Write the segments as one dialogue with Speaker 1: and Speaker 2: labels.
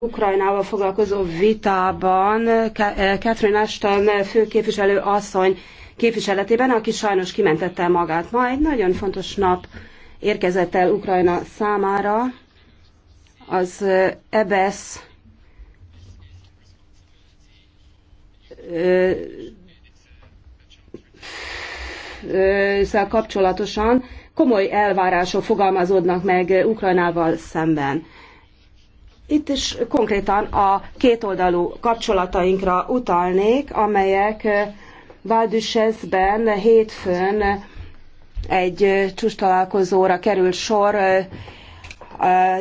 Speaker 1: Ukrajnával foglalkozó vitában eh, Catherine Ashton főképviselő asszony képviseletében, aki sajnos kimentette magát. Ma egy nagyon fontos nap érkezett el Ukrajna számára. Az EBS eh, e e ezzel eh, kapcsolatosan komoly elvárások fogalmazódnak meg Ukrajnával szemben. Itt is konkrétan a kétoldalú kapcsolatainkra utalnék, amelyek eh, Valdüsszben hétfőn egy eh, csúcstalálkozóra került sor. Eh,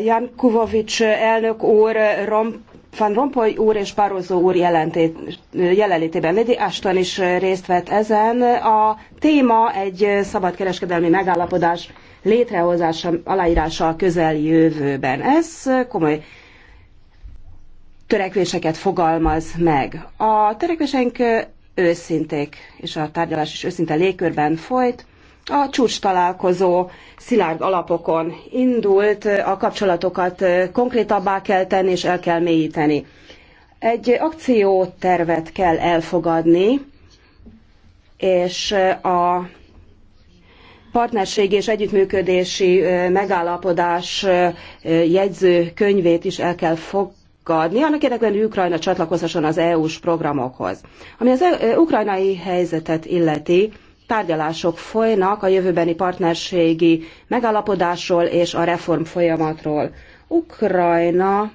Speaker 1: Jan Kuvovics elnök úr, Rom, Van Rompuy úr és Barozó úr jelentét, jelenlétében Lady Ashton is részt vett ezen. A téma egy szabadkereskedelmi megállapodás létrehozása, aláírása a közeljövőben. Ez komoly törekvéseket fogalmaz meg. A törekvéseink őszinték, és a tárgyalás is őszinte légkörben folyt. A csúcs találkozó szilárd alapokon indult, a kapcsolatokat konkrétabbá kell tenni és el kell mélyíteni. Egy akciótervet kell elfogadni, és a partnerségi és együttműködési megállapodás könyvét is el kell fog, tagadni, annak érdekben, hogy Ukrajna csatlakozhasson az EU-s programokhoz. Ami az e- ukrajnai helyzetet illeti, tárgyalások folynak a jövőbeni partnerségi megállapodásról és a reform folyamatról. Ukrajna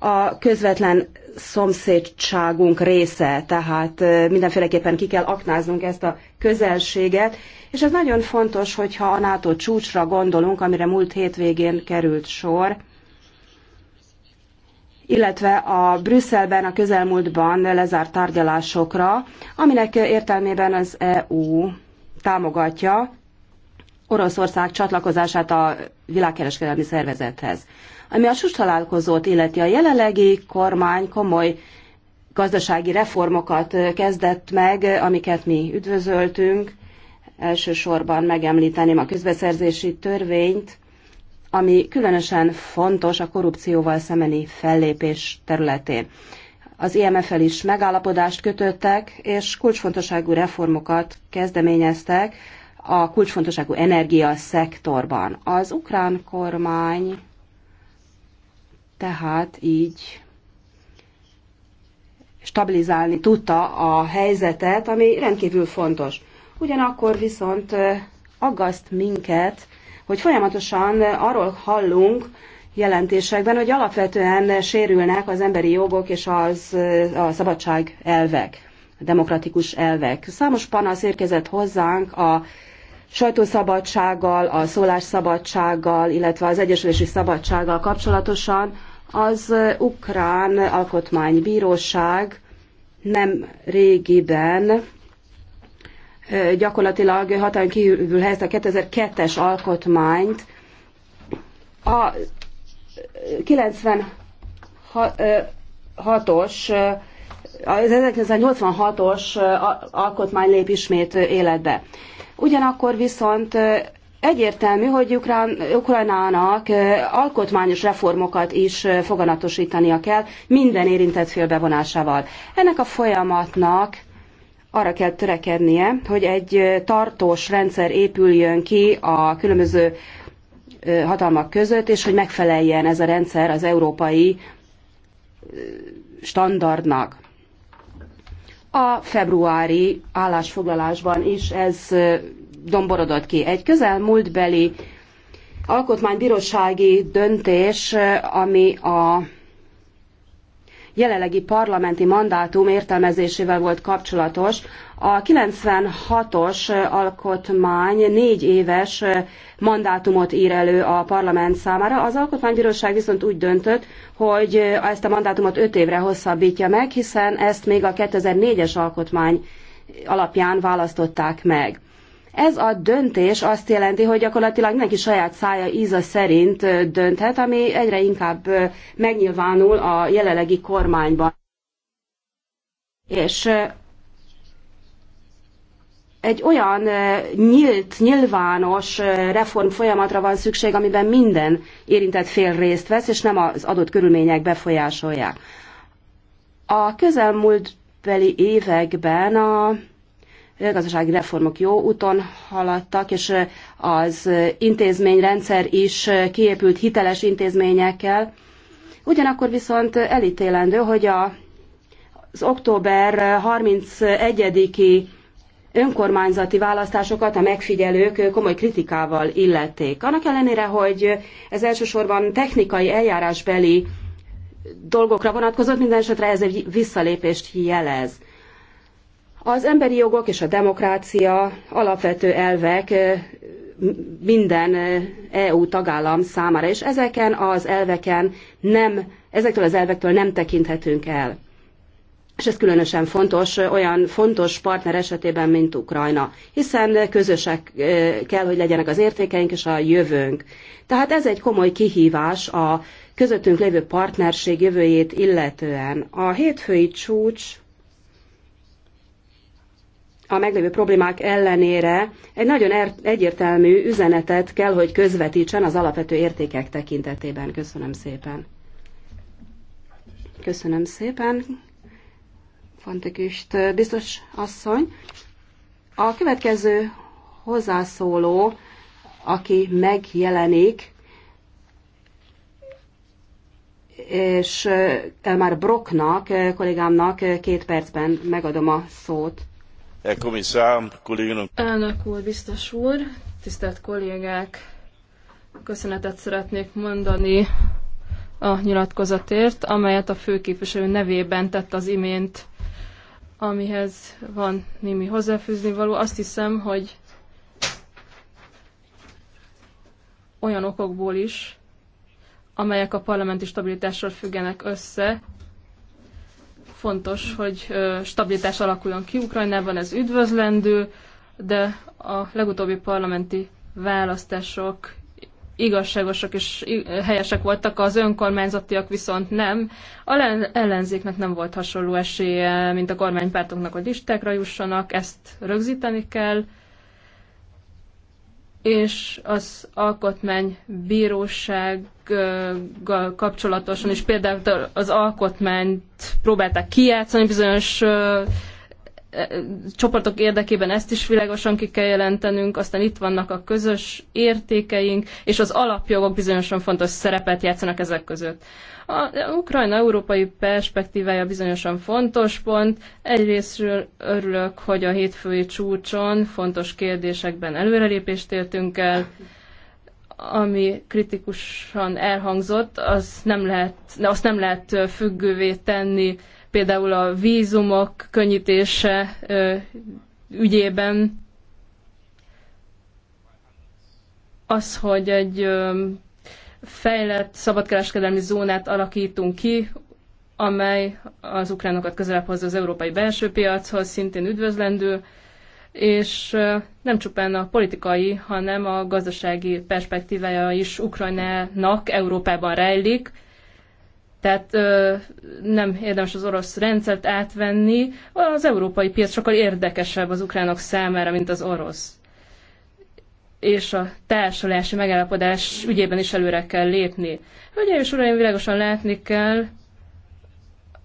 Speaker 1: a közvetlen szomszédságunk része, tehát mindenféleképpen ki kell aknáznunk ezt a közelséget, és ez nagyon fontos, hogyha a NATO csúcsra gondolunk, amire múlt hétvégén került sor, illetve a Brüsszelben a közelmúltban lezárt tárgyalásokra, aminek értelmében az EU támogatja Oroszország csatlakozását a világkereskedelmi szervezethez. Ami a sus találkozót illeti, a jelenlegi kormány komoly gazdasági reformokat kezdett meg, amiket mi üdvözöltünk. Elsősorban megemlíteném a közbeszerzési törvényt, ami különösen fontos a korrupcióval szembeni fellépés területén. Az IMF-el is megállapodást kötöttek, és kulcsfontosságú reformokat kezdeményeztek a kulcsfontosságú szektorban. Az ukrán kormány tehát így stabilizálni tudta a helyzetet, ami rendkívül fontos. Ugyanakkor viszont aggaszt minket hogy folyamatosan arról hallunk jelentésekben, hogy alapvetően sérülnek az emberi jogok és az, a szabadság elvek, a demokratikus elvek. Számos panasz érkezett hozzánk a sajtószabadsággal, a szólásszabadsággal, illetve az egyesülési szabadsággal kapcsolatosan, az ukrán alkotmánybíróság nem régiben gyakorlatilag hatályon kívül helyezte a 2002-es alkotmányt. A 96-os az 1986-os alkotmány lép ismét életbe. Ugyanakkor viszont egyértelmű, hogy Ukrán, Ukrajnának alkotmányos reformokat is foganatosítania kell minden érintett fél bevonásával. Ennek a folyamatnak arra kell törekednie, hogy egy tartós rendszer épüljön ki a különböző hatalmak között, és hogy megfeleljen ez a rendszer az európai standardnak. A februári állásfoglalásban is ez domborodott ki. Egy közelmúltbeli alkotmánybírósági döntés, ami a jelenlegi parlamenti mandátum értelmezésével volt kapcsolatos. A 96-os alkotmány négy éves mandátumot ír elő a parlament számára. Az alkotmánybíróság viszont úgy döntött, hogy ezt a mandátumot öt évre hosszabbítja meg, hiszen ezt még a 2004-es alkotmány alapján választották meg. Ez a döntés azt jelenti, hogy gyakorlatilag mindenki saját szája íza szerint dönthet, ami egyre inkább megnyilvánul a jelenlegi kormányban. És egy olyan nyílt, nyilvános reform folyamatra van szükség, amiben minden érintett fél részt vesz, és nem az adott körülmények befolyásolják. A közelmúltbeli években a gazdasági reformok jó úton haladtak, és az intézményrendszer is kiépült hiteles intézményekkel. Ugyanakkor viszont elítélendő, hogy a, az október 31-i önkormányzati választásokat a megfigyelők komoly kritikával illették. Annak ellenére, hogy ez elsősorban technikai eljárásbeli dolgokra vonatkozott, minden esetre ez egy visszalépést jelez. Az emberi jogok és a demokrácia alapvető elvek minden EU tagállam számára, és ezeken az elveken nem, ezektől az elvektől nem tekinthetünk el. És ez különösen fontos olyan fontos partner esetében, mint Ukrajna, hiszen közösek kell, hogy legyenek az értékeink és a jövőnk. Tehát ez egy komoly kihívás a közöttünk lévő partnerség jövőjét illetően. A hétfői csúcs a meglévő problémák ellenére egy nagyon er, egyértelmű üzenetet kell, hogy közvetítsen az alapvető értékek tekintetében. Köszönöm szépen. Köszönöm szépen, Fantikist eh, biztos asszony. A következő hozzászóló, aki megjelenik, és eh, már Brocknak, eh, kollégámnak két percben megadom a szót.
Speaker 2: Herr Kommissar, Kolleginnen
Speaker 3: Elnök úr, biztos úr, tisztelt kollégák! Köszönetet szeretnék mondani a nyilatkozatért, amelyet a főképviselő nevében tett az imént, amihez van némi hozzáfűzni való. Azt hiszem, hogy olyan okokból is, amelyek a parlamenti stabilitással függenek össze, Fontos, hogy stabilitás alakuljon ki Ukrajnában, ez üdvözlendő, de a legutóbbi parlamenti választások igazságosak és helyesek voltak, az önkormányzatiak viszont nem. A ellenzéknek nem volt hasonló esélye, mint a kormánypártoknak, hogy listákra jussanak, ezt rögzíteni kell, és az alkotmánybírósággal kapcsolatosan is például az alkotmányt próbálták kijátszani bizonyos csoportok érdekében ezt is világosan ki kell jelentenünk, aztán itt vannak a közös értékeink, és az alapjogok bizonyosan fontos szerepet játszanak ezek között. A Ukrajna-európai perspektívája bizonyosan fontos pont. Egyrésztről örülök, hogy a hétfői csúcson fontos kérdésekben előrelépést értünk el, ami kritikusan elhangzott, az nem lehet, azt nem lehet függővé tenni például a vízumok könnyítése ügyében az, hogy egy fejlett szabadkereskedelmi zónát alakítunk ki, amely az ukránokat közelebb hozza az európai belső piachoz, szintén üdvözlendő, és nem csupán a politikai, hanem a gazdasági perspektívája is Ukrajnának Európában rejlik, tehát ö, nem érdemes az orosz rendszert átvenni. Az európai piac sokkal érdekesebb az ukránok számára, mint az orosz. És a társulási megállapodás ügyében is előre kell lépni. Hölgyeim és uraim, világosan látni kell,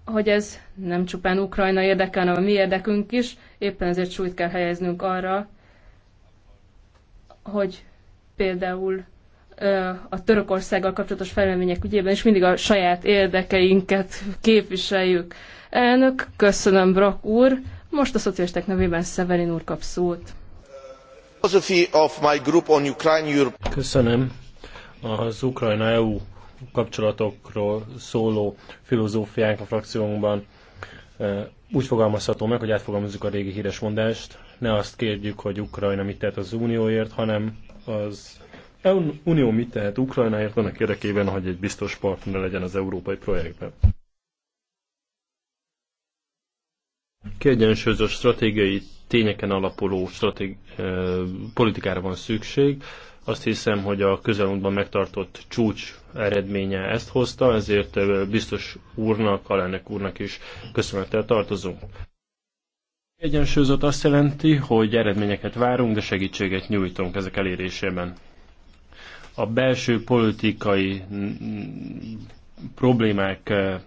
Speaker 3: hogy ez nem csupán Ukrajna érdeke, hanem a mi érdekünk is, éppen ezért súlyt kell helyeznünk arra, hogy például a Törökországgal kapcsolatos fejlemények ügyében, és mindig a saját érdekeinket képviseljük. Elnök, köszönöm, Brak úr. Most a szocialisták nevében Szeverin úr kap szót.
Speaker 2: Köszönöm. Az Ukrajna-EU kapcsolatokról szóló filozófiánk a frakciónkban úgy fogalmazható meg, hogy átfogalmazzuk a régi híres mondást. Ne azt kérjük, hogy Ukrajna mit tett az Unióért, hanem az Unió mit tehet Ukrajnáért annak érdekében, hogy egy biztos partner legyen az európai projektben? Kiegyensúlyozó stratégiai tényeken alapuló stratég, eh, politikára van szükség. Azt hiszem, hogy a közelmúltban megtartott csúcs eredménye ezt hozta, ezért eh, biztos úrnak, alelnök úrnak is köszönettel tartozunk. Egyensúlyozott azt jelenti, hogy eredményeket várunk, de segítséget nyújtunk ezek elérésében a belső politikai mm, mm, problémákra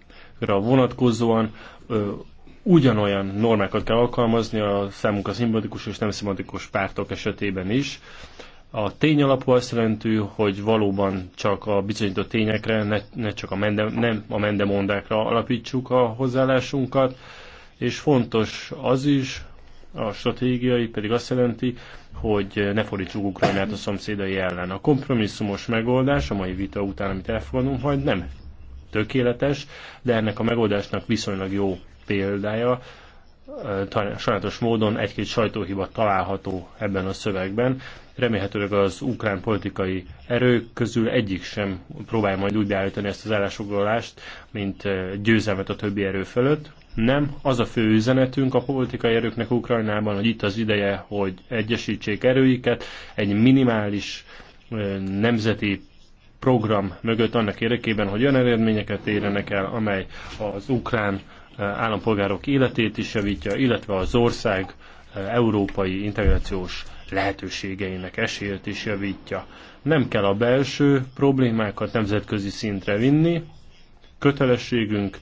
Speaker 2: vonatkozóan ugyanolyan normákat kell alkalmazni a számunkra szimbolikus és nem szimbolikus pártok esetében is. A tény alapú azt jelenti, hogy valóban csak a bizonyított tényekre, ne, ne csak a mende, nem a mendemondákra alapítsuk a hozzáállásunkat, és fontos az is, a stratégiai pedig azt jelenti, hogy ne fordítsuk Ukrajnát a szomszédai ellen. A kompromisszumos megoldás a mai vita után, amit elfogadunk, majd nem tökéletes, de ennek a megoldásnak viszonylag jó példája. Sajnálatos módon egy-két sajtóhiba található ebben a szövegben. Remélhetőleg az ukrán politikai erők közül egyik sem próbál majd úgy beállítani ezt az állásfoglalást, mint győzelmet a többi erő fölött. Nem, az a fő üzenetünk a politikai erőknek Ukrajnában, hogy itt az ideje, hogy egyesítsék erőiket, egy minimális nemzeti program mögött annak érdekében, hogy olyan eredményeket érjenek el, amely az ukrán állampolgárok életét is javítja, illetve az ország európai integrációs lehetőségeinek esélyét is javítja. Nem kell a belső problémákat nemzetközi szintre vinni, kötelességünk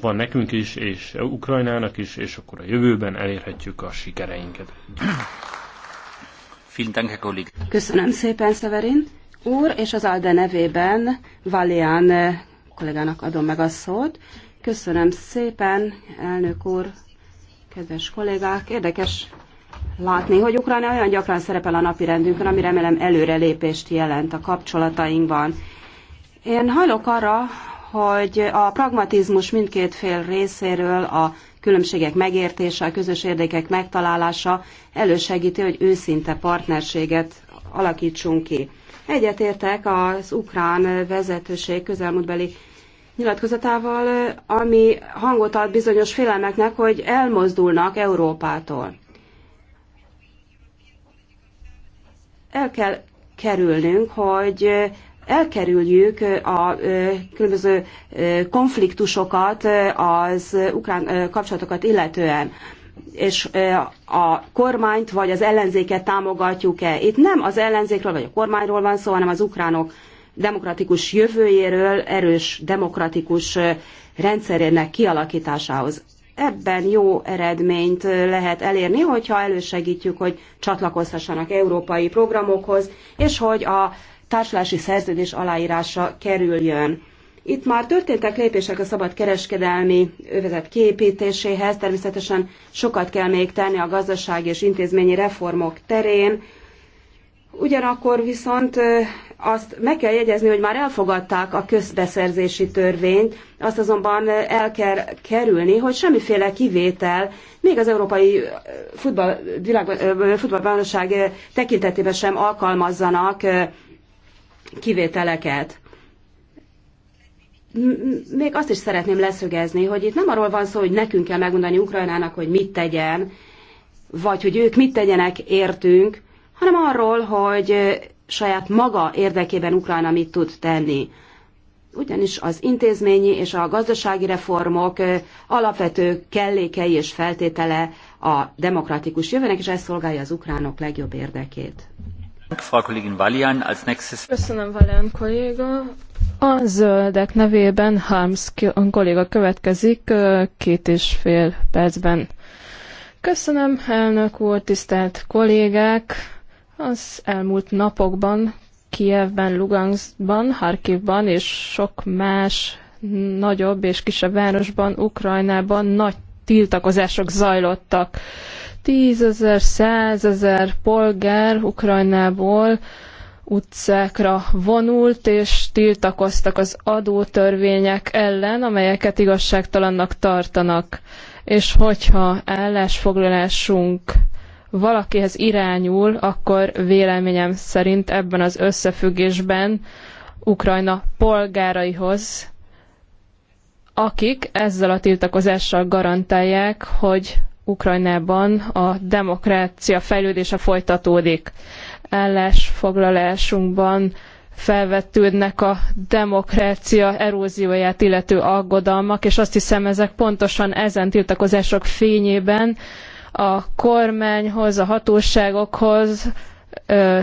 Speaker 2: van nekünk is, és Ukrajnának is, és akkor a jövőben elérhetjük a sikereinket.
Speaker 1: Köszönöm szépen, Szeverin. Úr és az ALDE nevében Valian eh, kollégának adom meg a szót. Köszönöm szépen, elnök úr, kedves kollégák. Érdekes látni, hogy Ukrajna olyan gyakran szerepel a napi rendünkön, ami remélem előrelépést jelent a kapcsolatainkban. Én hajlok arra, hogy a pragmatizmus mindkét fél részéről a különbségek megértése, a közös érdekek megtalálása elősegíti, hogy őszinte partnerséget alakítsunk ki. Egyetértek az ukrán vezetőség közelmúltbeli nyilatkozatával, ami hangot ad bizonyos félelmeknek, hogy elmozdulnak Európától. El kell kerülnünk, hogy elkerüljük a különböző konfliktusokat az ukrán kapcsolatokat illetően és a kormányt vagy az ellenzéket támogatjuk-e. Itt nem az ellenzékről vagy a kormányról van szó, hanem az ukránok demokratikus jövőjéről, erős demokratikus rendszerének kialakításához. Ebben jó eredményt lehet elérni, hogyha elősegítjük, hogy csatlakozhassanak európai programokhoz, és hogy a társulási szerződés aláírása kerüljön. Itt már történtek lépések a szabad kereskedelmi övezet kiépítéséhez, természetesen sokat kell még tenni a gazdasági és intézményi reformok terén, Ugyanakkor viszont azt meg kell jegyezni, hogy már elfogadták a közbeszerzési törvényt, azt azonban el kell kerülni, hogy semmiféle kivétel, még az Európai futball, világ, Futballbajnokság tekintetében sem alkalmazzanak kivételeket. Még azt is szeretném leszögezni, hogy itt nem arról van szó, hogy nekünk kell megmondani Ukrajnának, hogy mit tegyen, vagy hogy ők mit tegyenek értünk, hanem arról, hogy saját maga érdekében Ukrajna mit tud tenni. Ugyanis az intézményi és a gazdasági reformok alapvető kellékei és feltétele a demokratikus jövőnek,
Speaker 3: és ez szolgálja az ukránok legjobb érdekét. Köszönöm, Valian kolléga. A zöldek nevében Harms kolléga következik két és fél percben. Köszönöm, elnök úr, tisztelt kollégák! Az elmúlt napokban Kijevben, Luganskban, Harkivban és sok más nagyobb és kisebb városban, Ukrajnában nagy tiltakozások zajlottak tízezer, százezer polgár Ukrajnából utcákra vonult és tiltakoztak az adótörvények ellen, amelyeket igazságtalannak tartanak. És hogyha állásfoglalásunk valakihez irányul, akkor véleményem szerint ebben az összefüggésben Ukrajna polgáraihoz, akik ezzel a tiltakozással garantálják, hogy Ukrajnában a demokrácia fejlődése folytatódik. Állásfoglalásunkban felvetődnek a demokrácia erózióját illető aggodalmak, és azt hiszem ezek pontosan ezen tiltakozások fényében a kormányhoz, a hatóságokhoz ö,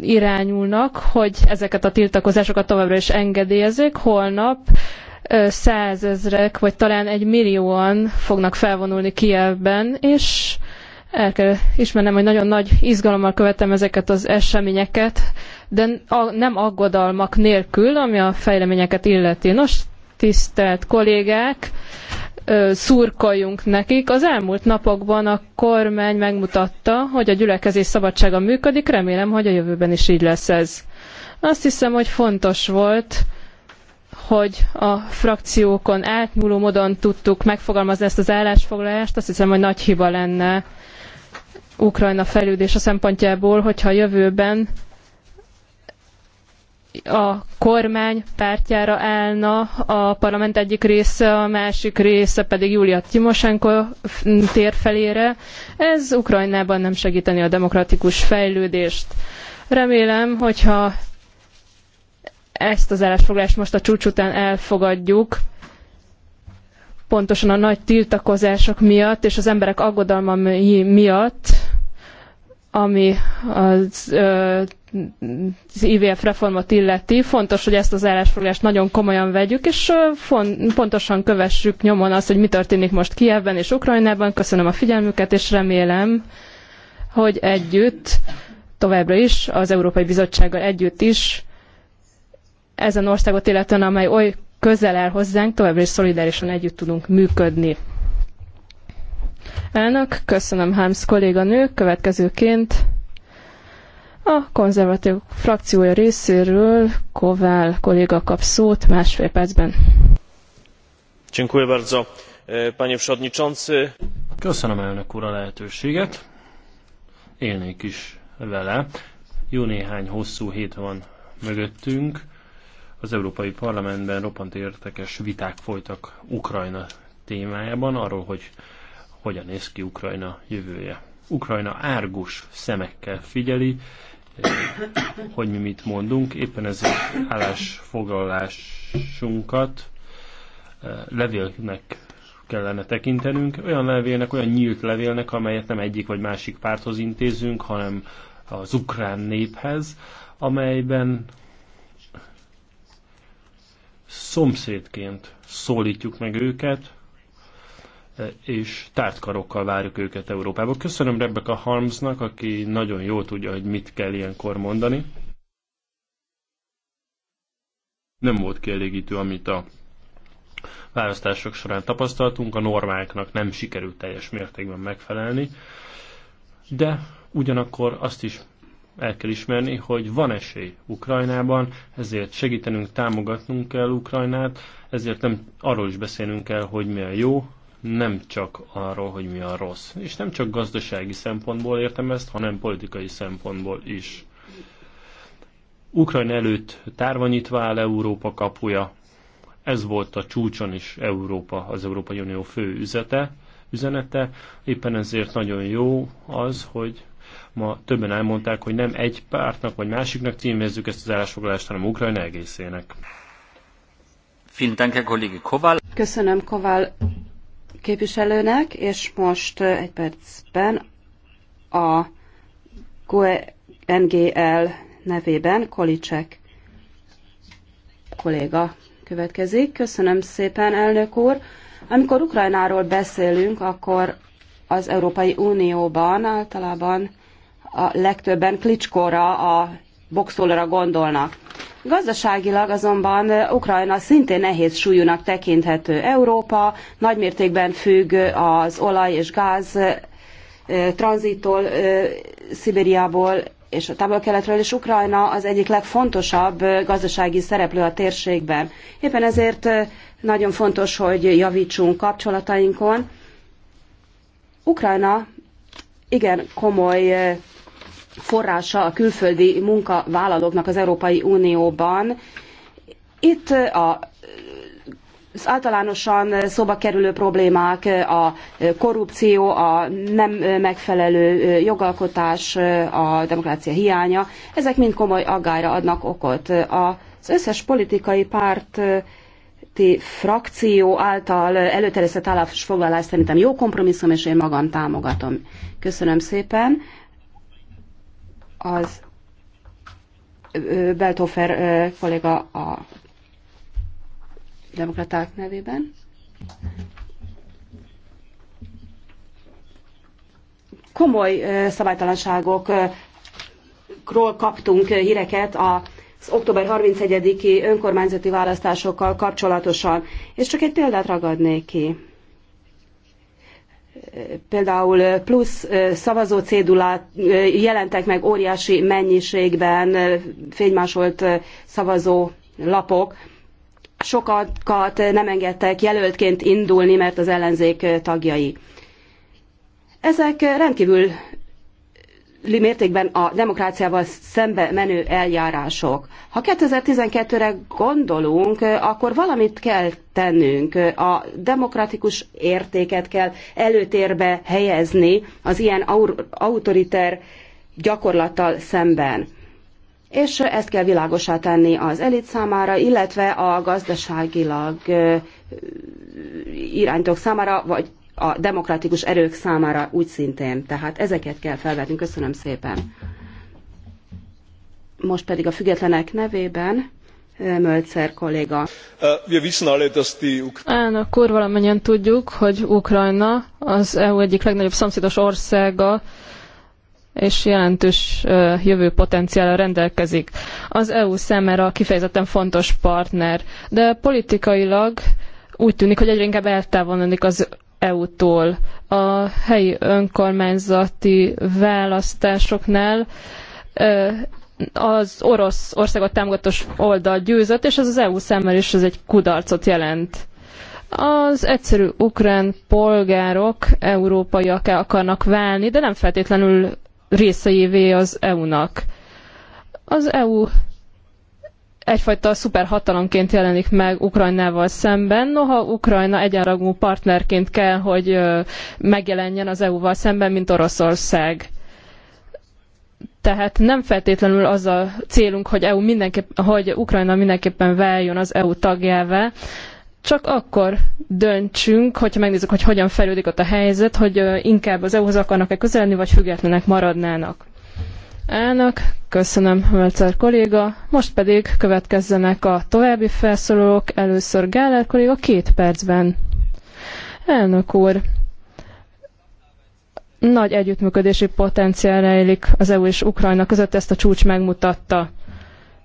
Speaker 3: irányulnak, hogy ezeket a tiltakozásokat továbbra is engedélyezik. Holnap százezrek, vagy talán egy millióan fognak felvonulni Kijevben, és el kell ismernem, hogy nagyon nagy izgalommal követem ezeket az eseményeket, de nem aggodalmak nélkül, ami a fejleményeket illeti. Nos, tisztelt kollégák, szurkoljunk nekik. Az elmúlt napokban a kormány megmutatta, hogy a gyülekezés szabadsága működik, remélem, hogy a jövőben is így lesz ez. Azt hiszem, hogy fontos volt, hogy a frakciókon átnyúló módon tudtuk megfogalmazni ezt az állásfoglalást, azt hiszem, hogy nagy hiba lenne Ukrajna fejlődése szempontjából, hogyha a jövőben a kormány pártjára állna a parlament egyik része, a másik része pedig Júlia Timosenko tér felére. Ez Ukrajnában nem segíteni a demokratikus fejlődést. Remélem, hogyha ezt az állásfoglalást most a csúcs után elfogadjuk, pontosan a nagy tiltakozások miatt és az emberek aggodalma miatt, ami az, az IVF reformot illeti. Fontos, hogy ezt az állásfoglalást nagyon komolyan vegyük, és pontosan kövessük nyomon azt, hogy mi történik most Kijevben és Ukrajnában. Köszönöm a figyelmüket, és remélem, hogy együtt, továbbra is, az Európai Bizottsággal együtt is ezen országot illetően, amely oly közel áll hozzánk, továbbra is szolidárisan együtt tudunk működni. Elnök, köszönöm Hámsz kolléganő, következőként a konzervatív frakciója részéről Kovál kolléga kap szót másfél percben.
Speaker 2: Dziękuję bardzo, panie przewodniczący. Köszönöm elnök úr a lehetőséget. Élnék is vele. Jó néhány hosszú hét van mögöttünk. Az Európai Parlamentben roppant értekes viták folytak Ukrajna témájában, arról, hogy hogyan néz ki Ukrajna jövője. Ukrajna árgus szemekkel figyeli, eh, hogy mi mit mondunk, éppen ezért állásfoglalásunkat eh, levélnek kellene tekintenünk, olyan levélnek, olyan nyílt levélnek, amelyet nem egyik vagy másik párthoz intézünk, hanem az ukrán néphez, amelyben szomszédként szólítjuk meg őket, e, és tártkarokkal várjuk őket Európába. Köszönöm Rebecca Harmsnak, aki nagyon jól tudja, hogy mit kell ilyenkor mondani. Nem volt kielégítő, amit a választások során tapasztaltunk, a normáknak nem sikerült teljes mértékben megfelelni, de ugyanakkor azt is el kell ismerni, hogy van esély Ukrajnában, ezért segítenünk, támogatnunk kell Ukrajnát, ezért nem arról is beszélnünk kell, hogy mi a jó, nem csak arról, hogy mi a rossz. És nem csak gazdasági szempontból értem ezt, hanem politikai szempontból is. Ukrajna előtt tárva nyitva áll Európa kapuja. Ez volt a csúcson is Európa, az Európai Unió fő üzete, üzenete. Éppen ezért nagyon jó az, hogy Ma többen elmondták, hogy nem egy pártnak vagy másiknak címezzük ezt az állásfoglalást, hanem Ukrajna egészének. Köszönöm
Speaker 1: Koval képviselőnek, és most egy percben a e NGL nevében Kolicek kolléga következik. Köszönöm szépen, elnök úr. Amikor Ukrajnáról beszélünk, akkor az Európai Unióban általában a legtöbben Klicskóra, a boxolóra gondolnak. Gazdaságilag azonban Ukrajna szintén nehéz súlyúnak tekinthető. Európa nagymértékben függ az olaj és gáz tranzittól, Szibériából és a távol-keletről, és Ukrajna az egyik legfontosabb gazdasági szereplő a térségben. Éppen ezért nagyon fontos, hogy javítsunk kapcsolatainkon. Ukrajna igen komoly forrása a külföldi munkavállalóknak az Európai Unióban. Itt a az általánosan szóba kerülő problémák a korrupció, a nem megfelelő jogalkotás, a demokrácia hiánya, ezek mind komoly aggályra adnak okot. Az összes politikai párt frakció által előterjesztett állásfoglalás szerintem jó kompromisszum, és én magam támogatom. Köszönöm szépen az Beltofer kolléga a demokraták nevében. Komoly szabálytalanságokról kaptunk híreket a az október 31-i önkormányzati választásokkal kapcsolatosan, és csak egy példát ragadnék ki például plusz szavazócédulát jelentek meg óriási mennyiségben fénymásolt szavazó lapok. Sokakat nem engedtek jelöltként indulni, mert az ellenzék tagjai. Ezek rendkívül mértékben a demokráciával szembe menő eljárások. Ha 2012-re gondolunk, akkor valamit kell tennünk. A demokratikus értéket kell előtérbe helyezni az ilyen autoriter gyakorlattal szemben. És ezt kell világosá tenni az elit számára, illetve a gazdaságilag iránytók számára, vagy a demokratikus erők számára úgy szintén. Tehát ezeket kell felvetni. Köszönöm szépen. Most pedig a függetlenek
Speaker 3: nevében Mölcer kolléga. Elnök valamennyien tudjuk, hogy Ukrajna az EU egyik legnagyobb szomszédos országa, és jelentős jövő potenciállal rendelkezik. Az EU számára kifejezetten fontos partner, de politikailag úgy tűnik, hogy egyre inkább eltávolodik az EU-tól. A helyi önkormányzati választásoknál az orosz országot támogató oldal győzött, és ez az EU számára is ez egy kudarcot jelent. Az egyszerű ukrán polgárok európaiak akarnak válni, de nem feltétlenül részeivé az EU-nak. Az EU egyfajta szuperhatalomként jelenik meg Ukrajnával szemben. Noha Ukrajna egyenrangú partnerként kell, hogy megjelenjen az EU-val szemben, mint Oroszország. Tehát nem feltétlenül az a célunk, hogy, EU mindenképp, hogy Ukrajna mindenképpen váljon az EU tagjává, csak akkor döntsünk, hogyha megnézzük, hogy hogyan fejlődik ott a helyzet, hogy inkább az EU-hoz akarnak-e közelni, vagy függetlenek maradnának. Elnök, köszönöm, Mölcer kolléga. Most pedig következzenek a további felszólalók. Először Gáller kolléga két percben. Elnök úr, nagy együttműködési potenciál rejlik az EU és Ukrajna között, ezt a csúcs megmutatta.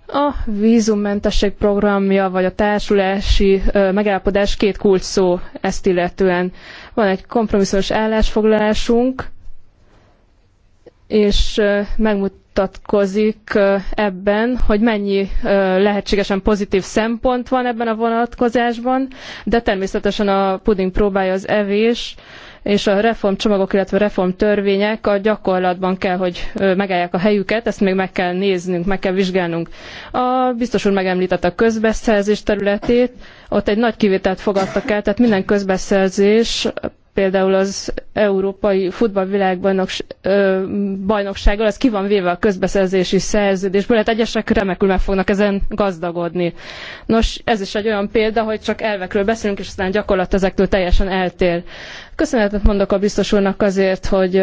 Speaker 3: A vízummentesség programja, vagy a társulási megállapodás két kulcs szó ezt illetően. Van egy kompromisszós állásfoglalásunk, és megmutatkozik ebben, hogy mennyi lehetségesen pozitív szempont van ebben a vonatkozásban, de természetesen a puding próbálja az evés, és a reformcsomagok, illetve reformtörvények a gyakorlatban kell, hogy megállják a helyüket, ezt még meg kell néznünk, meg kell vizsgálnunk. A biztos úr megemlítette a közbeszerzés területét, ott egy nagy kivételt fogadtak el, tehát minden közbeszerzés például az Európai Futballvilágbajnoksággal, az ki van véve a közbeszerzési szerződésből, hát egyesek remekül meg fognak ezen gazdagodni. Nos, ez is egy olyan példa, hogy csak elvekről beszélünk, és aztán gyakorlat ezektől teljesen eltér. Köszönetet mondok a biztos úrnak azért, hogy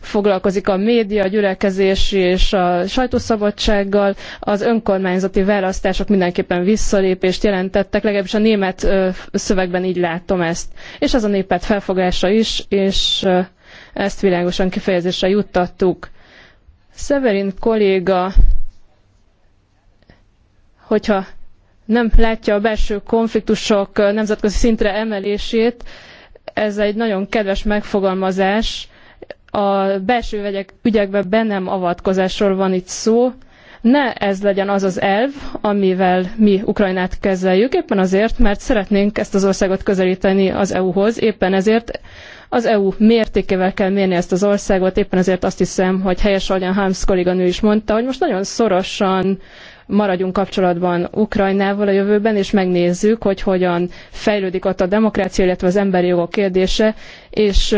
Speaker 3: foglalkozik a média, a gyülekezés és a sajtószabadsággal. Az önkormányzati választások mindenképpen visszalépést jelentettek, legalábbis a német szövegben így látom ezt. És ez a népet felfogása is, és ezt világosan kifejezésre juttattuk. Severin kolléga, hogyha nem látja a belső konfliktusok nemzetközi szintre emelését, ez egy nagyon kedves megfogalmazás, a belső ügyek, ügyekbe be nem avatkozásról van itt szó, ne ez legyen az az elv, amivel mi Ukrajnát kezeljük, éppen azért, mert szeretnénk ezt az országot közelíteni az EU-hoz, éppen ezért az EU mértékével kell mérni ezt az országot, éppen ezért azt hiszem, hogy helyes ahogyan Harms kolléganő is mondta, hogy most nagyon szorosan maradjunk kapcsolatban Ukrajnával a jövőben, és megnézzük, hogy hogyan fejlődik ott a demokrácia, illetve az emberi jogok kérdése, és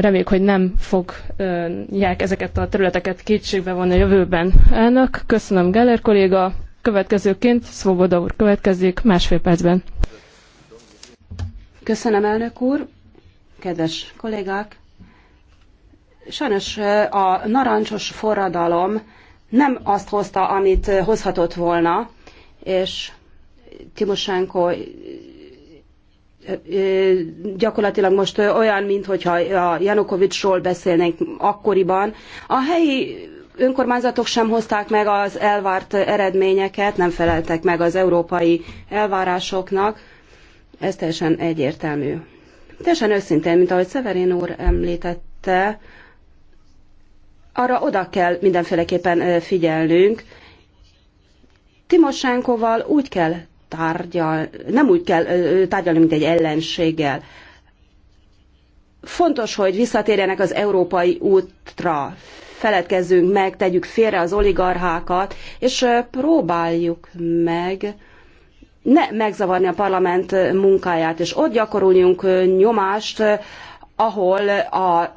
Speaker 3: Reméljük, hogy nem fogják ezeket a területeket kétségbe vonni a jövőben. Elnök, köszönöm Geller kolléga. Következőként Svoboda úr következik másfél percben.
Speaker 1: Köszönöm, elnök úr. Kedves kollégák! Sajnos a narancsos forradalom nem azt hozta, amit hozhatott volna, és Timosenko gyakorlatilag most olyan, mintha a Janukovicsról beszélnénk akkoriban. A helyi önkormányzatok sem hozták meg az elvárt eredményeket, nem feleltek meg az európai elvárásoknak. Ez teljesen egyértelmű. Teljesen őszintén, mint ahogy Szeverén úr említette, arra oda kell mindenféleképpen figyelnünk. Timosánkoval úgy kell tárgyal, nem úgy kell tárgyalni, mint egy ellenséggel. Fontos, hogy visszatérjenek az európai útra, feledkezzünk meg, tegyük félre az oligarchákat, és próbáljuk meg ne megzavarni a parlament munkáját, és ott gyakoroljunk nyomást, ahol a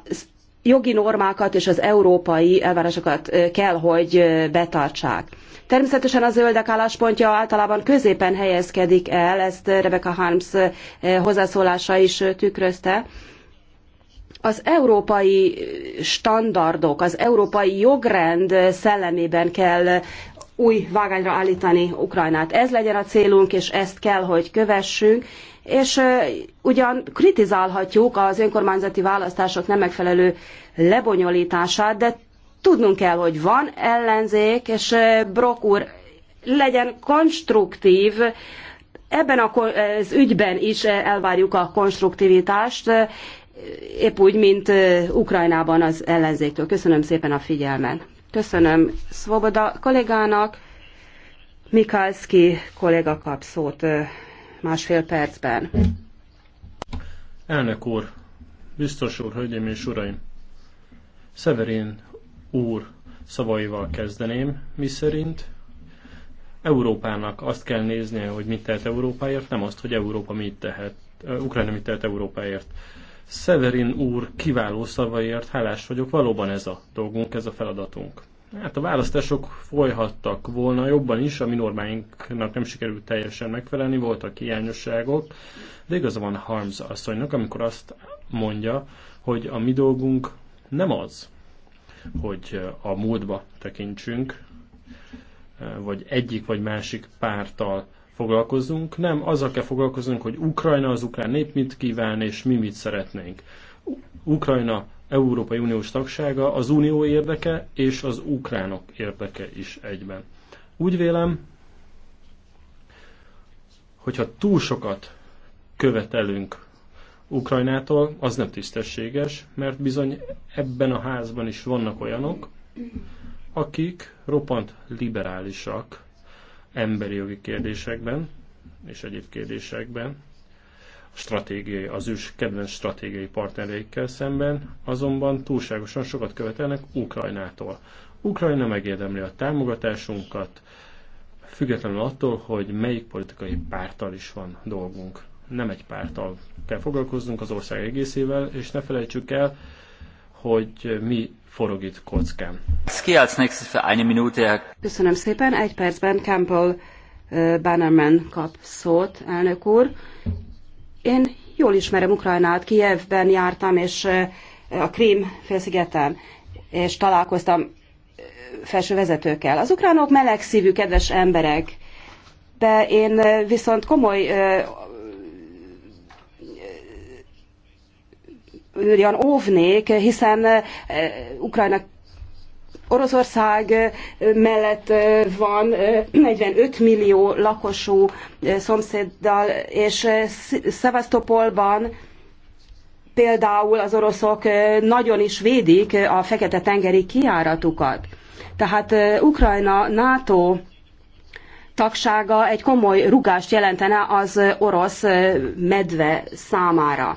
Speaker 1: jogi normákat és az európai elvárásokat kell, hogy betartsák. Természetesen a zöldek álláspontja általában középen helyezkedik el, ezt Rebecca Harms eh, hozzászólása is tükrözte. Az európai standardok, az európai jogrend szellemében kell új vágányra állítani Ukrajnát. Ez legyen a célunk, és ezt kell, hogy kövessünk. És eh, ugyan kritizálhatjuk az önkormányzati választások nem megfelelő lebonyolítását, de Tudnunk kell, hogy van ellenzék, és Brok úr legyen konstruktív, ebben az ügyben is elvárjuk a konstruktivitást, épp úgy, mint Ukrajnában az ellenzéktől. Köszönöm szépen a figyelmet. Köszönöm Svoboda kollégának. Mikalski kolléga kap szót másfél percben.
Speaker 2: Elnök úr, biztos úr, hölgyeim és uraim! Severin úr szavaival kezdeném, miszerint Európának azt kell néznie, hogy mit tehet Európáért, nem azt, hogy Európa mit tehet, Ukrajna mit tehet Európáért. Severin úr kiváló szavaiért hálás vagyok, valóban ez a dolgunk, ez a feladatunk. Hát a választások folyhattak volna jobban is, ami normáinknak nem sikerült teljesen megfelelni, voltak hiányosságok, de igaza van Harms asszonynak, amikor azt mondja, hogy a mi dolgunk nem az, hogy a múltba tekintsünk, vagy egyik vagy másik pártal foglalkozunk, nem azzal kell foglalkozunk, hogy Ukrajna az ukrán nép mit kíván, és mi mit szeretnénk. Ukrajna Európai Uniós tagsága az unió érdeke és az ukránok érdeke is egyben. Úgy vélem, hogyha túl sokat követelünk Ukrajnától, az nem tisztességes, mert bizony ebben a házban is vannak olyanok, akik roppant liberálisak emberi jogi kérdésekben és egyéb kérdésekben, stratégiai, az ős kedvenc stratégiai partnereikkel szemben, azonban túlságosan sokat követelnek Ukrajnától. Ukrajna megérdemli a támogatásunkat, függetlenül attól, hogy melyik politikai pártal is van dolgunk nem egy pártal kell foglalkoznunk, az ország egészével, és ne felejtsük el, hogy mi forog itt kockán.
Speaker 1: Köszönöm szépen, egy percben Campbell Bannerman kap szót, elnök úr. Én jól ismerem Ukrajnát, Kijevben jártam, és a Krím félszigeten, és találkoztam felső vezetőkkel. Az ukránok melegszívű, kedves emberek, de én viszont komoly őrjan óvnék, hiszen eh, Ukrajna Oroszország eh, mellett eh, van 45 millió lakosú szomszéddal, és Szevasztopolban például az oroszok nagyon is védik a Fekete-tengeri kiáratukat. Tehát Ukrajna NATO tagsága egy komoly rugást jelentene az orosz medve számára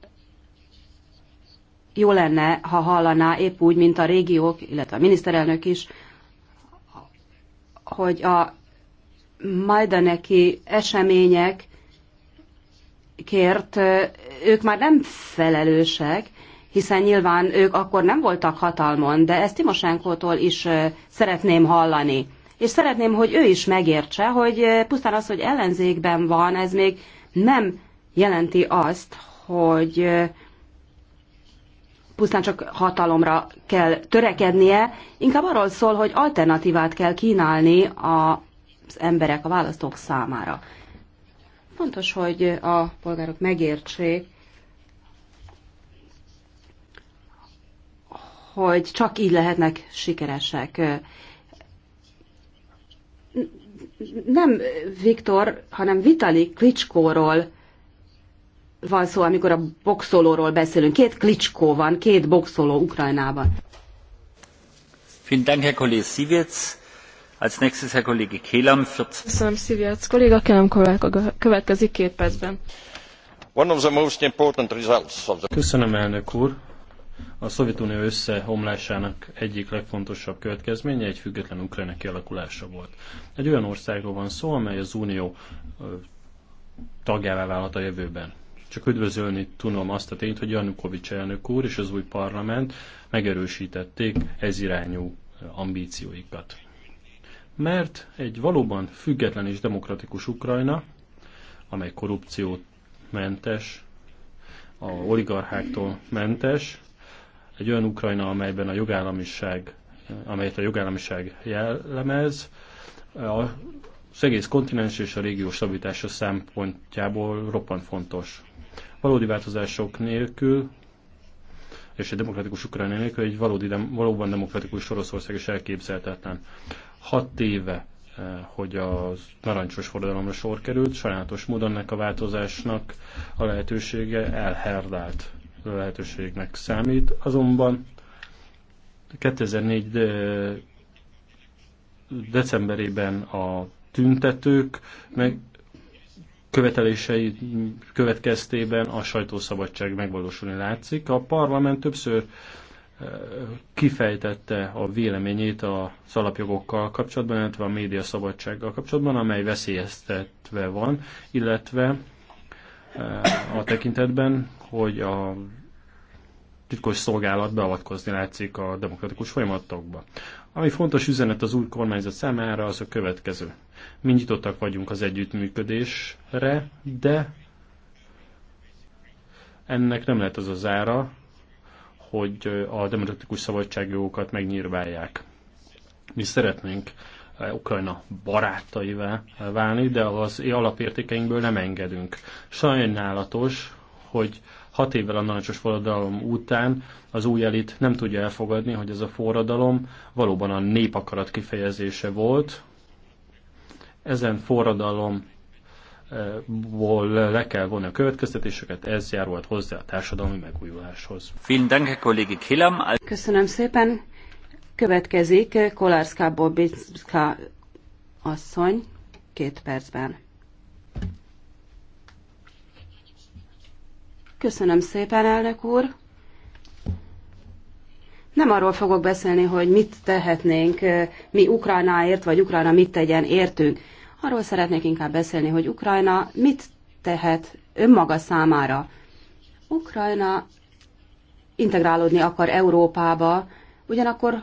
Speaker 1: jó lenne, ha hallaná épp úgy, mint a régiók, illetve a miniszterelnök is, hogy a majdaneki események kért, ők már nem felelősek, hiszen nyilván ők akkor nem voltak hatalmon, de ezt Timosenkótól is szeretném hallani. És szeretném, hogy ő is megértse, hogy pusztán az, hogy ellenzékben van, ez még nem jelenti azt, hogy pusztán csak hatalomra kell törekednie, inkább arról szól, hogy alternatívát kell kínálni az emberek, a választók számára. Fontos, hogy a polgárok megértsék, hogy csak így lehetnek sikeresek. Nem Viktor, hanem Vitali Klitschkóról van szó, amikor a boxolóról beszélünk. Két klicskó van, két boxoló Ukrajnában.
Speaker 4: Vielen Dank, Herr Kollege Siewitz. Als nächstes Herr Kollege
Speaker 2: Kelam.
Speaker 3: Köszönöm, Siewitz. Kolléga Kelam következik két percben.
Speaker 2: One of the most important results of the... Köszönöm, elnök úr. A Szovjetunió összeomlásának egyik legfontosabb következménye egy független Ukrajna kialakulása volt. Egy olyan országról van szó, amely az Unió tagjává válhat a jövőben. Csak üdvözölni tudom azt a tényt, hogy Janukovics elnök úr és az új parlament megerősítették ez irányú ambícióikat. Mert egy valóban független és demokratikus Ukrajna, amely korrupciómentes, a oligarcháktól mentes, egy olyan Ukrajna, amelyben a jogállamiság, amelyet a jogállamiság jellemez, az egész kontinens és a régió stabilitása szempontjából roppant fontos. Valódi változások nélkül és egy demokratikus Ukrajna nélkül egy valódi, valóban demokratikus Oroszország is elképzelhetetlen. Hat éve eh, hogy a narancsos forradalomra sor került, sajnálatos módon ennek a változásnak a lehetősége elherdált lehetőségnek számít, azonban 2004 de eh, decemberében a tüntetők meg követelései következtében a sajtószabadság megvalósulni látszik. A parlament többször eh, kifejtette a véleményét az alapjogokkal kapcsolatban, illetve a média szabadsággal kapcsolatban, amely veszélyeztetve van, illetve eh, a tekintetben, hogy a titkos szolgálat beavatkozni látszik a demokratikus folyamatokba. Ami fontos üzenet az új kormányzat számára, az a következő. Mi nyitottak vagyunk az együttműködésre, de ennek nem lehet az az ára, hogy a demokratikus szabadságjogokat megnyírválják. Mi szeretnénk eh, Ukrajna barátaivá válni, de az alapértékeinkből nem engedünk. Sajnálatos, hogy Hat évvel a narancsos forradalom után az új elit nem tudja elfogadni, hogy ez a forradalom valóban a népakarat kifejezése volt. Ezen forradalom eh, ból le kell vonni a következtetéseket, ez járult hozzá a társadalmi megújuláshoz. Köszönöm
Speaker 1: szépen. Következik Kolárszká Bobicka asszony két percben. Köszönöm szépen, elnök úr. Nem arról fogok beszélni, hogy mit tehetnénk eh, mi Ukrajnáért, vagy Ukrajna mit tegyen értünk. Arról szeretnék inkább beszélni, hogy Ukrajna mit tehet önmaga számára. Ukrajna integrálódni akar Európába, ugyanakkor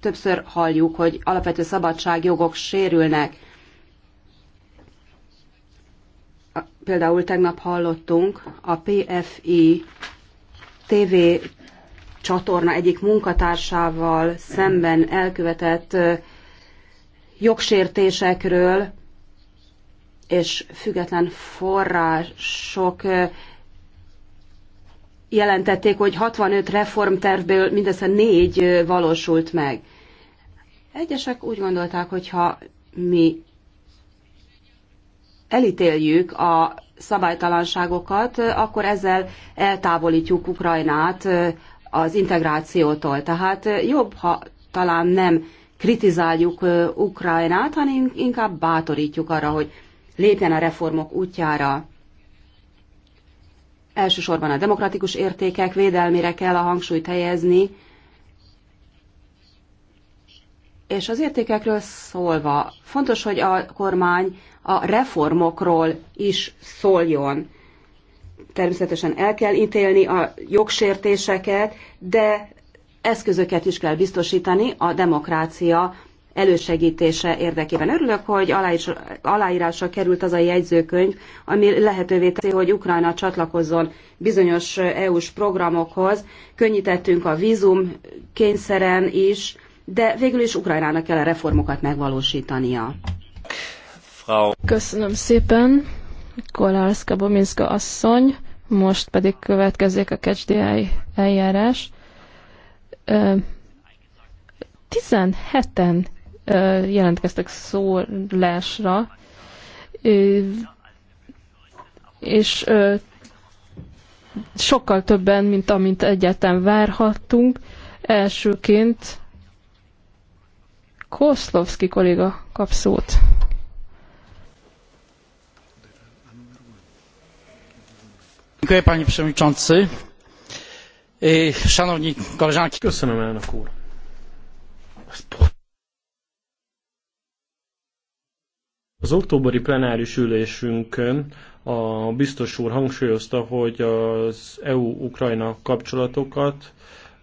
Speaker 1: többször halljuk, hogy alapvető szabadságjogok sérülnek például tegnap hallottunk, a PFI TV csatorna egyik munkatársával szemben elkövetett jogsértésekről, és független források jelentették, hogy 65 reformtervből mindössze négy valósult meg. Egyesek úgy gondolták, hogy ha mi elítéljük a szabálytalanságokat, akkor ezzel eltávolítjuk Ukrajnát az integrációtól. Tehát jobb, ha talán nem kritizáljuk Ukrajnát, hanem inkább bátorítjuk arra, hogy lépjen a reformok útjára. Elsősorban a demokratikus értékek védelmére kell a hangsúlyt helyezni, és az értékekről szólva, fontos, hogy a kormány a reformokról is szóljon. Természetesen el kell ítélni a jogsértéseket, de eszközöket is kell biztosítani a demokrácia elősegítése érdekében. Örülök, hogy aláírásra került az a jegyzőkönyv, ami lehetővé teszi, hogy Ukrajna csatlakozzon bizonyos EU-s programokhoz. Könnyítettünk a vízum kényszeren is, de végül is Ukrajnának kell a reformokat
Speaker 3: megvalósítania. Frau. Köszönöm szépen, Kolarska Bominska asszony. Most pedig következik a KCDI eljárás. 17-en jelentkeztek szólásra, és sokkal többen, mint amint egyáltalán várhattunk. Elsőként Koszlovski kolléga kap szót.
Speaker 2: panie przewodniczący! E, szanowni koleżanki az októberi plenáris ülésünkön a biztos úr hangsúlyozta, hogy az EU-Ukrajna kapcsolatokat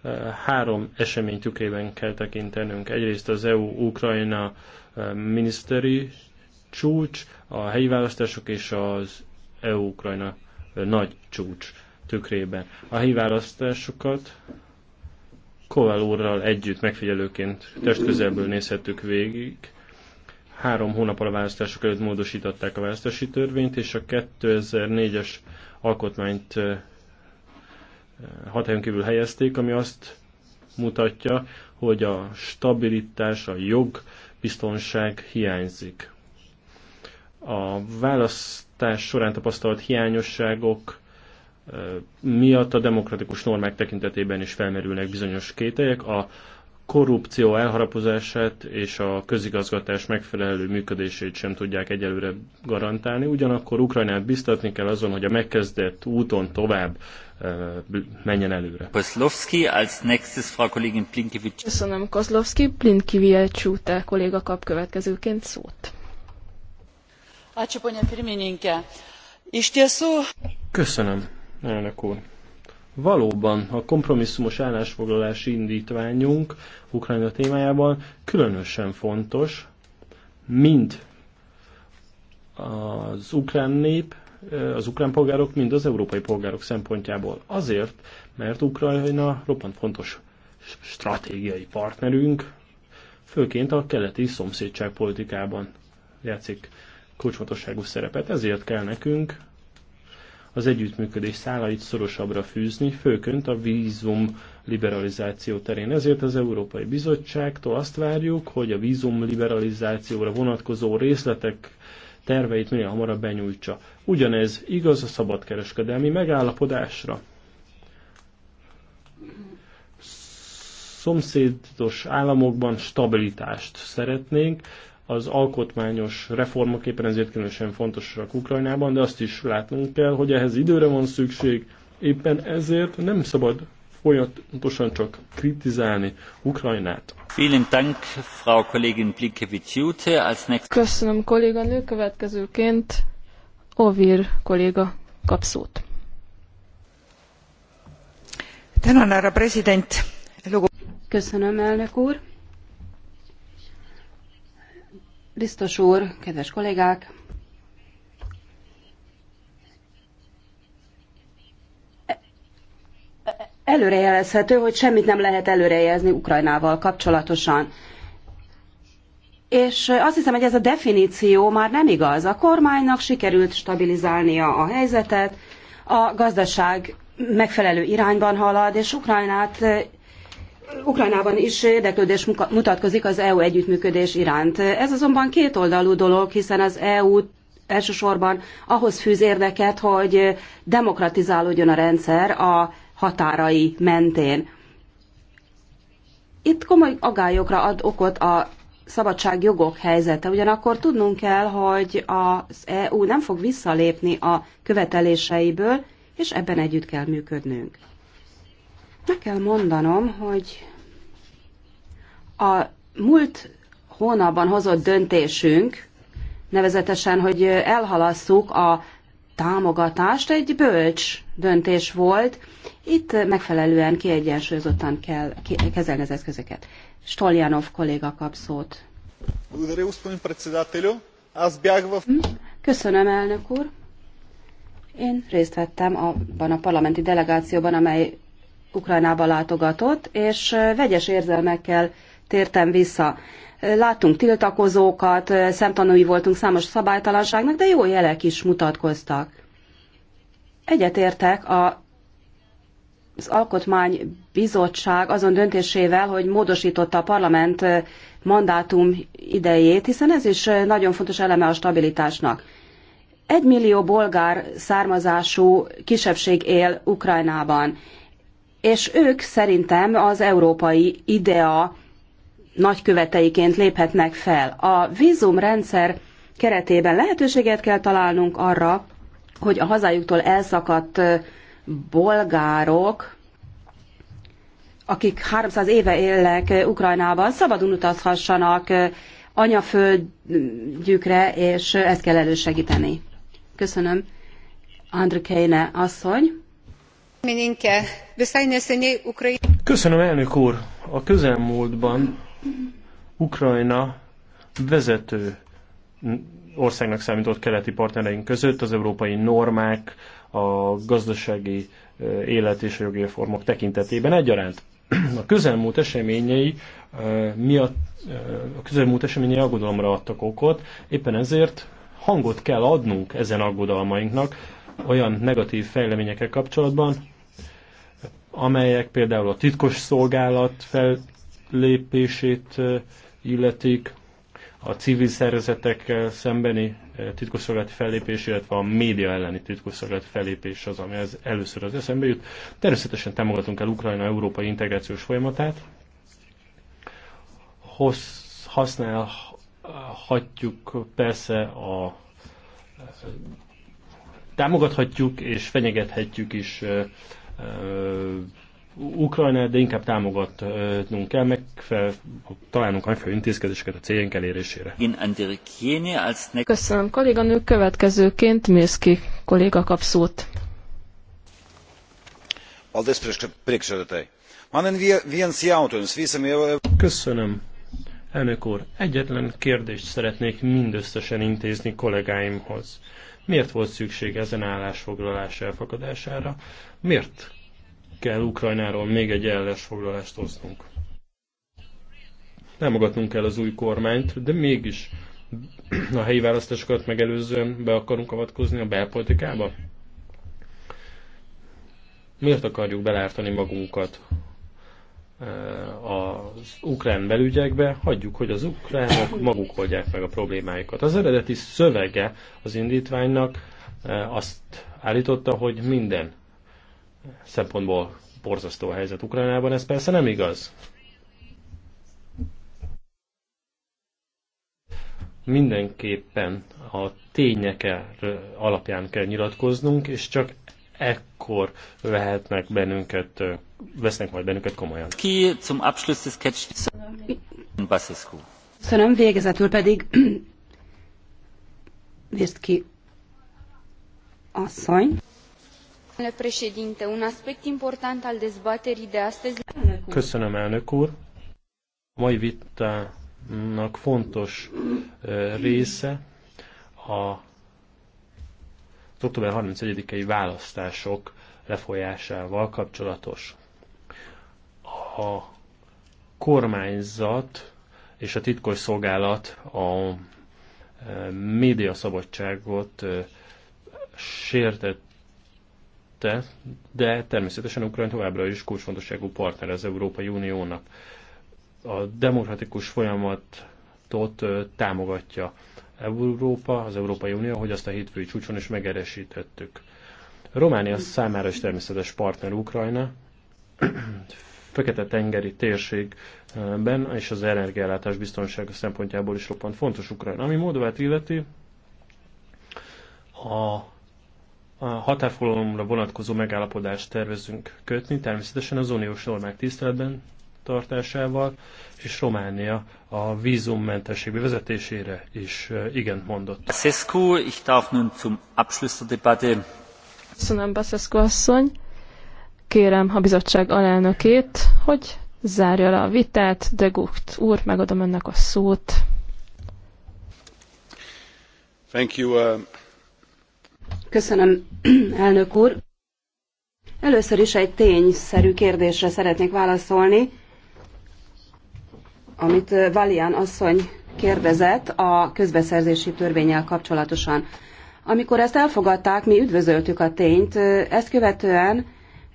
Speaker 2: e, három esemény tükrében kell tekintenünk. Egyrészt az EU-Ukrajna e, miniszteri csúcs, a helyi választások és az EU-Ukrajna nagy csúcs tükrében. A híválasztásokat Koval úrral együtt megfigyelőként testközelből nézhettük végig. Három hónap a választások előtt módosították a választási törvényt, és a 2004-es alkotmányt helyen eh, kívül helyezték, ami azt mutatja, hogy a stabilitás, a jog, biztonság hiányzik a választás során tapasztalt hiányosságok miatt a demokratikus normák tekintetében is felmerülnek bizonyos kételyek. A korrupció elharapozását és a közigazgatás megfelelő működését sem tudják egyelőre garantálni. Ugyanakkor Ukrajnát biztatni kell azon, hogy a megkezdett úton tovább menjen előre. Kozlovski, als
Speaker 3: nächstes Frau
Speaker 4: Kollegin Plinkiewicz.
Speaker 3: Köszönöm, Kozlovski. Plinkiewicz úte kolléga kap következőként szót.
Speaker 2: Köszönöm, elnök úr. Valóban a kompromisszumos állásfoglalási indítványunk Ukrajna témájában különösen fontos, mind az ukrán nép, az ukrán polgárok, mind az európai polgárok szempontjából. Azért, mert Ukrajna roppant fontos stratégiai partnerünk, főként a keleti szomszédság politikában játszik kulcsfontosságú szerepet, ezért kell nekünk az együttműködés szálait szorosabbra fűzni, főként a vízum liberalizáció terén. Ezért az Európai Bizottságtól azt várjuk, hogy a vízum liberalizációra vonatkozó részletek terveit minél hamarabb benyújtsa. Ugyanez igaz a szabadkereskedelmi megállapodásra. Szomszédos államokban stabilitást szeretnénk, az alkotmányos reformok éppen ezért különösen fontosak Ukrajnában, de azt is látnunk kell, hogy ehhez időre van szükség, éppen ezért nem szabad folyamatosan csak kritizálni Ukrajnát.
Speaker 3: Köszönöm kolléganő, következőként Ovir kolléga kap szót.
Speaker 1: Köszönöm elnök úr. Biztos úr, kedves kollégák! Előrejelezhető, hogy semmit nem lehet előrejelzni Ukrajnával kapcsolatosan. És azt hiszem, hogy ez a definíció már nem igaz. A kormánynak sikerült stabilizálnia a helyzetet, a gazdaság megfelelő irányban halad, és Ukrajnát Ukrajnában is érdeklődés mutatkozik az EU együttműködés iránt. Ez azonban kétoldalú dolog, hiszen az EU elsősorban ahhoz fűz érdeket, hogy demokratizálódjon a rendszer a határai mentén. Itt komoly agályokra ad okot a szabadságjogok helyzete. Ugyanakkor tudnunk kell, hogy az EU nem fog visszalépni a követeléseiből, és ebben együtt kell működnünk. Meg kell mondanom, hogy a múlt hónapban hozott döntésünk, nevezetesen, hogy elhalasszuk a támogatást, egy bölcs döntés volt. Itt megfelelően kiegyensúlyozottan kell kezelni az eszközöket. Stoljanov kolléga kap szót.
Speaker 4: Hm?
Speaker 1: Köszönöm, elnök úr. Én részt vettem abban a parlamenti delegációban, amely Ukrajnába látogatott, és vegyes érzelmekkel tértem vissza. Láttunk tiltakozókat, szemtanúi voltunk számos szabálytalanságnak, de jó jelek is mutatkoztak. Egyetértek a az Alkotmánybizottság azon döntésével, hogy módosította a parlament mandátum idejét, hiszen ez is nagyon fontos eleme a stabilitásnak. Egy millió bolgár származású kisebbség él Ukrajnában, és ők szerintem az európai idea nagyköveteiként léphetnek fel. A vízumrendszer keretében lehetőséget kell találnunk arra, hogy a hazájuktól elszakadt bolgárok, akik 300 éve élnek Ukrajnában, szabadon utazhassanak anyaföldjükre, és ezt kell elősegíteni. Köszönöm. Andrikéne asszony.
Speaker 2: Köszönöm, elnök úr! A közelmúltban Ukrajna vezető országnak számított keleti partnereink között az európai normák, a gazdasági élet és a jogi reformok tekintetében egyaránt. A közelmúlt eseményei miatt, a közelmúlt eseményei aggodalomra adtak okot, éppen ezért hangot kell adnunk ezen aggodalmainknak olyan negatív fejleményekkel kapcsolatban, amelyek például a titkos szolgálat fellépését illetik, a civil szervezetekkel szembeni titkosszolgálati fellépés, illetve a média elleni titkosszolgálati fellépés az, ami az először az eszembe jut. Természetesen támogatunk el Ukrajna európai integrációs folyamatát. Hossz, használhatjuk persze a támogathatjuk és fenyegethetjük is Ukrajnát, de inkább támogatnunk kell, megfelel, találnunk annyi intézkedéseket a céljaink elérésére.
Speaker 3: Köszönöm, kolléganő. Következőként Mirszki kolléga kap szót.
Speaker 2: Köszönöm. Elnök úr, egyetlen kérdést szeretnék mindösszesen intézni kollégáimhoz. Miért volt szükség ezen állásfoglalás elfakadására, Miért kell Ukrajnáról még egy ellensfoglalást hoznunk? Támogatnunk kell az új kormányt, de mégis a helyi választásokat megelőzően be akarunk avatkozni a belpolitikába? Miért akarjuk belártani magunkat az ukrán belügyekbe, hagyjuk, hogy az ukránok maguk oldják meg a problémáikat. Az eredeti szövege az indítványnak e, azt állította, hogy minden szempontból borzasztó a helyzet Ukránában, ez persze nem igaz. Mindenképpen a tények er, alapján kell nyilatkoznunk, és csak ekkor vehetnek bennünket, vesznek majd bennünket komolyan. Ki zum Abschluss des Catch Basescu.
Speaker 1: Köszönöm, végezetül pedig nézd ki asszony. un aspect important al dezbaterii de astăzi... Köszönöm,
Speaker 2: elnök úr. A mai vitának fontos része a az október 31-i választások lefolyásával kapcsolatos. A kormányzat és a titkos szolgálat a e, médiaszabadságot e, sértette, de természetesen Ukrajna továbbra is kulcsfontosságú partner az Európai Uniónak. A demokratikus folyamatot e, támogatja Európa, az Európai Unió, hogy azt a hétfői csúcson is megeresítettük. Románia számára is természetes partner Ukrajna, Fekete-tengeri térségben és az energiállátás biztonsága szempontjából is roppant fontos Ukrajna. Ami Moldovát illeti, a, a vonatkozó megállapodást tervezünk kötni, természetesen az uniós normák tiszteletben tartásával, és Románia a vízummentesség bevezetésére is igen mondott.
Speaker 4: Basescu, ich darf nun zum Abschluss der Debatte.
Speaker 3: Köszönöm, Basescu asszony. Kérem a bizottság alelnökét, hogy zárja le a vitát. De Gucht úr, megadom önnek a szót.
Speaker 1: Thank you, uh...
Speaker 3: Köszönöm,
Speaker 1: elnök úr. Először is egy tényszerű kérdésre szeretnék válaszolni amit Valian asszony kérdezett a közbeszerzési törvényel kapcsolatosan. Amikor ezt elfogadták, mi üdvözöltük a tényt, ezt követően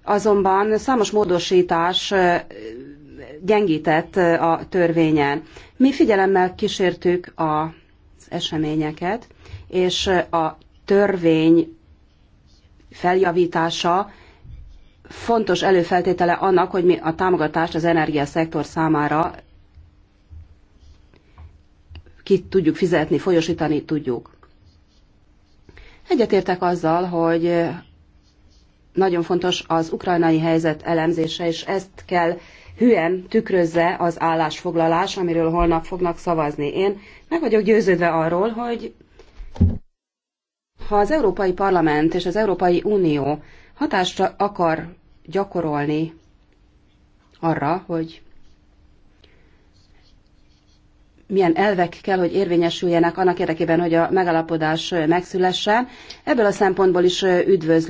Speaker 1: azonban számos módosítás gyengített a törvényen. Mi figyelemmel kísértük az eseményeket, és a törvény feljavítása fontos előfeltétele annak, hogy mi a támogatást az energiaszektor számára ki tudjuk fizetni, folyosítani tudjuk. Egyetértek azzal, hogy nagyon fontos az ukrajnai helyzet elemzése, és ezt kell hűen tükrözze az állásfoglalás, amiről holnap fognak szavazni. Én meg vagyok győződve arról, hogy ha az Európai Parlament és az Európai Unió hatást akar gyakorolni arra, hogy milyen elvek kell, hogy érvényesüljenek annak érdekében, hogy a megalapodás megszülessen. Ebből a szempontból is üdvözlöm.